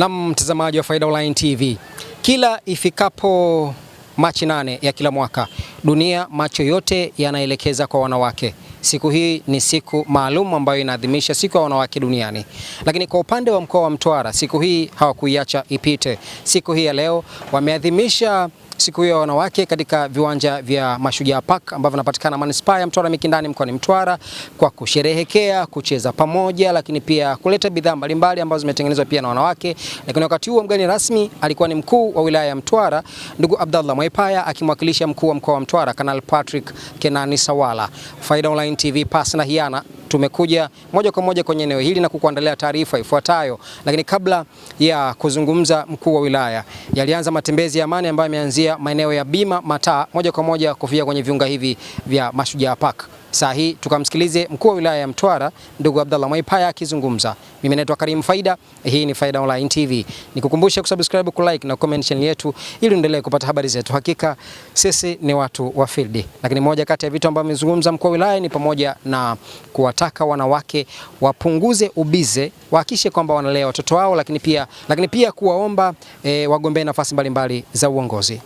Na mtazamaji wa Faida Online TV, kila ifikapo Machi nane ya kila mwaka dunia, macho yote yanaelekeza kwa wanawake. Siku hii ni siku maalum ambayo inaadhimisha siku ya wanawake duniani, lakini kwa upande wa mkoa wa Mtwara siku hii hawakuiacha ipite. Siku hii ya leo wameadhimisha siku hiyo ya wanawake katika viwanja vya Mashujaa Park ambavyo vinapatikana manispaa ya Mtwara Mikindani mkoani Mtwara kwa kusherehekea, kucheza pamoja, lakini pia kuleta bidhaa mbalimbali ambazo zimetengenezwa pia na wanawake. Lakini wakati huo mgeni rasmi alikuwa ni mkuu wa wilaya ya Mtwara ndugu Abdallah Mwaipaya akimwakilisha mkuu wa mkoa wa Mtwara Kanali Patrick Kenani Sawala. Faida Online TV, pasi na hiana tumekuja moja kwa moja kwenye eneo hili na kukuandalia taarifa ifuatayo. Lakini kabla ya kuzungumza, mkuu wa wilaya, yalianza matembezi ya amani ambayo yameanzia maeneo ya Bima Mataa moja kwa moja kufia kwenye viunga hivi vya Mashujaa Park. Saa hii tukamsikilize mkuu wa wilaya ya Mtwara ndugu Abdallah Mwaipaya akizungumza. Mimi naitwa Karim Faida, hii ni Faida Online TV. Nikukumbushe kusubscribe, kulike na comment channel yetu ili uendelee kupata habari zetu. Hakika sisi ni watu wa field. Lakini moja kati ya vitu ambavyo amezungumza mkuu wa wilaya ni pamoja na kuwataka wanawake wapunguze ubize, wahakishe kwamba wanalea watoto wao, lakini pia, lakini pia kuwaomba e, wagombee nafasi mbalimbali za uongozi.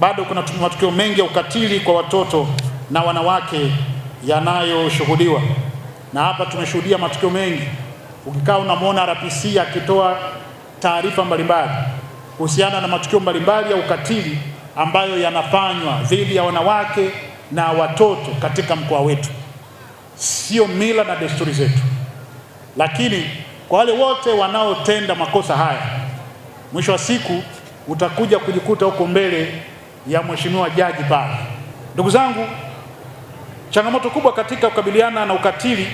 Bado kuna matukio mengi ya ukatili kwa watoto na wanawake yanayoshuhudiwa, na hapa tumeshuhudia matukio mengi. Ukikaa unamwona RPC akitoa taarifa mbalimbali kuhusiana na matukio mbalimbali ya ukatili ambayo yanafanywa dhidi ya wanawake na watoto katika mkoa wetu. Sio mila na desturi zetu, lakini kwa wale wote wanaotenda makosa haya, mwisho wa siku utakuja kujikuta huko mbele ya mheshimiwa jaji pale, ndugu zangu. Changamoto kubwa katika kukabiliana na ukatili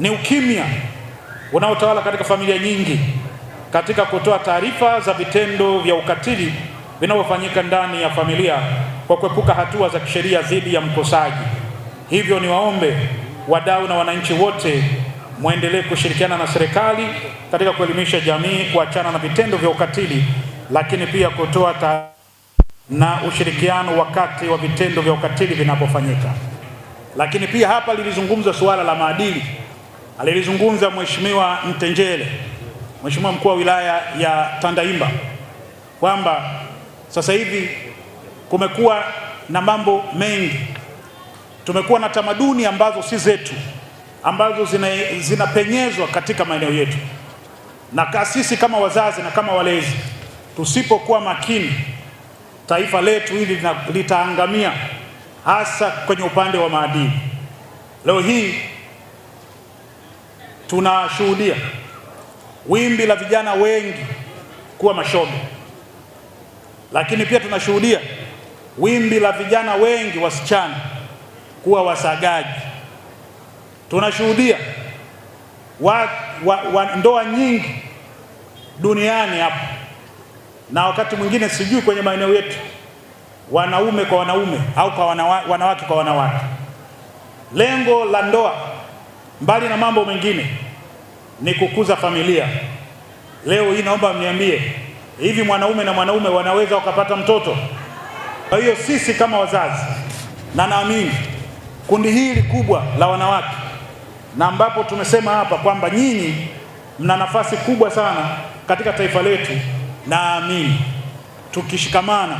ni ukimya unaotawala katika familia nyingi katika kutoa taarifa za vitendo vya ukatili vinavyofanyika ndani ya familia kwa kuepuka hatua za kisheria dhidi ya mkosaji. Hivyo ni waombe wadau na wananchi wote mwendelee kushirikiana na serikali katika kuelimisha jamii kuachana na vitendo vya ukatili, lakini pia kutoa na ushirikiano wakati wa vitendo vya ukatili vinapofanyika. Lakini pia hapa lilizungumzwa suala la maadili, alilizungumza Mheshimiwa Mtenjele, Mheshimiwa mkuu wa wilaya ya Tandahimba, kwamba sasa hivi kumekuwa na mambo mengi, tumekuwa na tamaduni ambazo si zetu, ambazo zinapenyezwa zina katika maeneo yetu, na sisi kama wazazi na kama walezi tusipokuwa makini, taifa letu hili litaangamia hasa kwenye upande wa maadili. Leo hii tunashuhudia wimbi la vijana wengi kuwa mashoga, lakini pia tunashuhudia wimbi la vijana wengi wasichana kuwa wasagaji. Tunashuhudia wa, wa, wa ndoa nyingi duniani hapa, na wakati mwingine sijui kwenye maeneo yetu wanaume kwa wanaume au kwa wanawake kwa wanawake. Lengo la ndoa mbali na mambo mengine ni kukuza familia. Leo hii naomba mniambie, hivi mwanaume na mwanaume wanaweza wakapata mtoto? Kwa hiyo sisi kama wazazi, na naamini kundi hili kubwa la wanawake, na ambapo tumesema hapa kwamba nyinyi mna nafasi kubwa sana katika taifa letu, naamini tukishikamana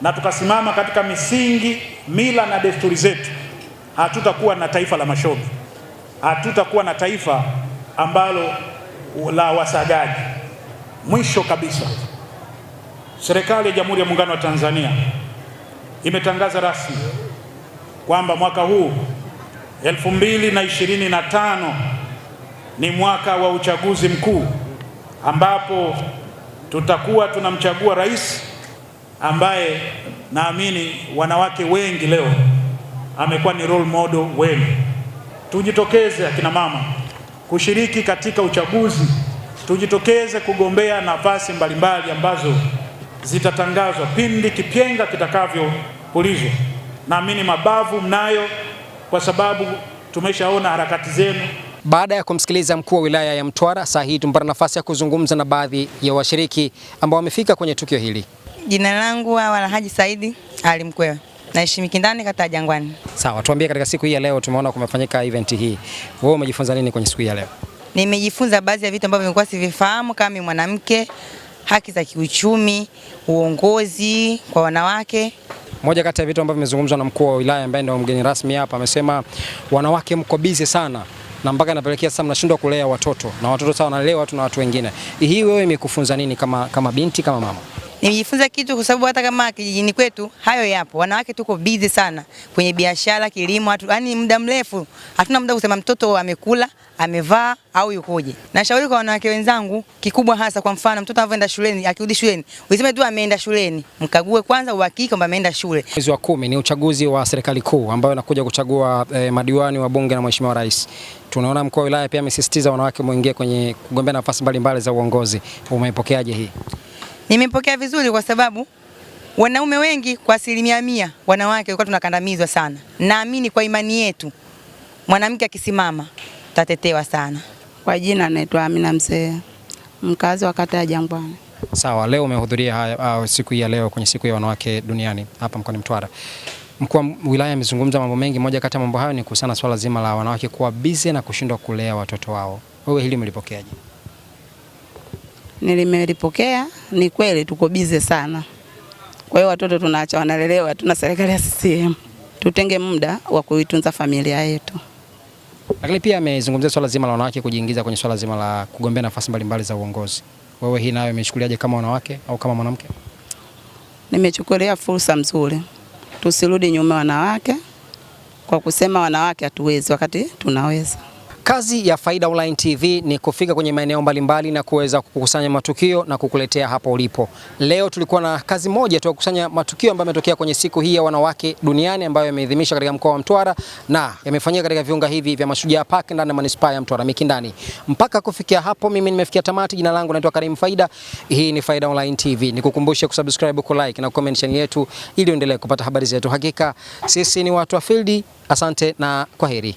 na tukasimama katika misingi, mila na desturi zetu, hatutakuwa na taifa la mashobi, hatutakuwa na taifa ambalo la wasagaji. Mwisho kabisa, serikali ya Jamhuri ya Muungano wa Tanzania imetangaza rasmi kwamba mwaka huu 2025 ni mwaka wa uchaguzi mkuu ambapo tutakuwa tunamchagua rais ambaye naamini wanawake wengi leo amekuwa ni role model wenu. Tujitokeze akina mama kushiriki katika uchaguzi, tujitokeze kugombea nafasi mbalimbali ambazo zitatangazwa pindi kipyenga kitakavyopulizwa. Naamini mabavu mnayo, kwa sababu tumeshaona harakati zenu. Baada ya kumsikiliza mkuu wa wilaya ya Mtwara, saa hii tumpata nafasi ya kuzungumza na baadhi ya washiriki ambao wamefika kwenye tukio hili. Jina langu Hawa Haji Saidi Ali Mkwewe, naishi Mikindani, kata ya Jangwani. Sawa, tuambie katika siku hii ya leo tumeona kumefanyika event hii, wewe umejifunza nini kwenye siku hii ya leo? Nimejifunza baadhi ya vitu ambavyo nilikuwa sivifahamu kama mwanamke, haki za kiuchumi, uongozi kwa wanawake. Moja kati ya vitu ambavyo vimezungumzwa na mkuu wa wilaya ambaye ndio mgeni rasmi hapa amesema wanawake mko busy sana na mpaka inapelekea sasa mnashindwa kulea watoto na watoto sasa wanalewa watu na watu wengine. Hii wewe imekufunza nini kama, kama binti kama mama? nimejifunza kitu, kwa sababu hata kama kijijini kwetu hayo yapo, wanawake tuko busy sana kwenye biashara, kilimo, hatu yani muda mrefu hatuna muda kusema mtoto amekula amevaa au yukoje. Nashauri kwa wanawake wenzangu, kikubwa hasa, kwa mfano mtoto anavyoenda shuleni, akirudi shuleni, useme tu ameenda shuleni, mkague kwanza uhakika kwamba ameenda shule. Mwezi wa kumi ni uchaguzi wa serikali kuu ambayo nakuja kuchagua eh, madiwani wa bunge na mheshimiwa rais. Tunaona mkuu wa wilaya pia amesisitiza wanawake muingie kwenye kugombea nafasi mbalimbali za uongozi. Umeipokeaje hii? Nimepokea vizuri kwa sababu wanaume wengi kwa asilimia mia, wanawake walikuwa tunakandamizwa sana. Naamini kwa imani yetu mwanamke akisimama tatetewa sana. Kwa jina naitwa Amina Msea, mkazi wa kata ya Jangwani. Sawa, leo umehudhuria haya uh, siku hii ya leo kwenye siku ya wanawake duniani hapa mkoani Mtwara. Mkuu wa wilaya amezungumza mambo mengi, moja kati ya mambo hayo ni kuhusiana swala zima la wanawake kuwa busy na kushindwa kulea watoto wao. Wewe hili umelipokeaje? Nilimelipokea, ni kweli tuko bize sana. Kwa hiyo watoto tunaacha wanalelewa, tuna serikali ya CCM. Tutenge muda wa kuitunza familia yetu. Lakini pia amezungumzia swala zima la wanawake kujiingiza kwenye swala zima la kugombea nafasi mbalimbali za uongozi. Wewe hii nayo imechukuliaje kama wanawake au kama mwanamke? Nimechukulia fursa mzuri, tusirudi nyuma wanawake kwa kusema wanawake hatuwezi, wakati tunaweza. Kazi ya Faida Online TV ni kufika kwenye maeneo mbalimbali na kuweza kukusanya matukio na kukuletea hapo ulipo. Leo tulikuwa na kazi moja tu kukusanya matukio ambayo yametokea kwenye siku hii ya wanawake duniani ambayo yameadhimishwa katika mkoa wa Mtwara na yamefanyika katika viunga hivi vya Mashujaa Park ndani ya manispaa ya Mtwara Mikindani. Mpaka kufikia hapo mimi nimefikia tamati. Jina langu naitwa Karim Faida. Hii ni Faida Online TV. Nikukumbushe kusubscribe, ku like na comment channel yetu ili uendelee kupata habari zetu. Hakika sisi ni watu wa field. Asante na kwaheri.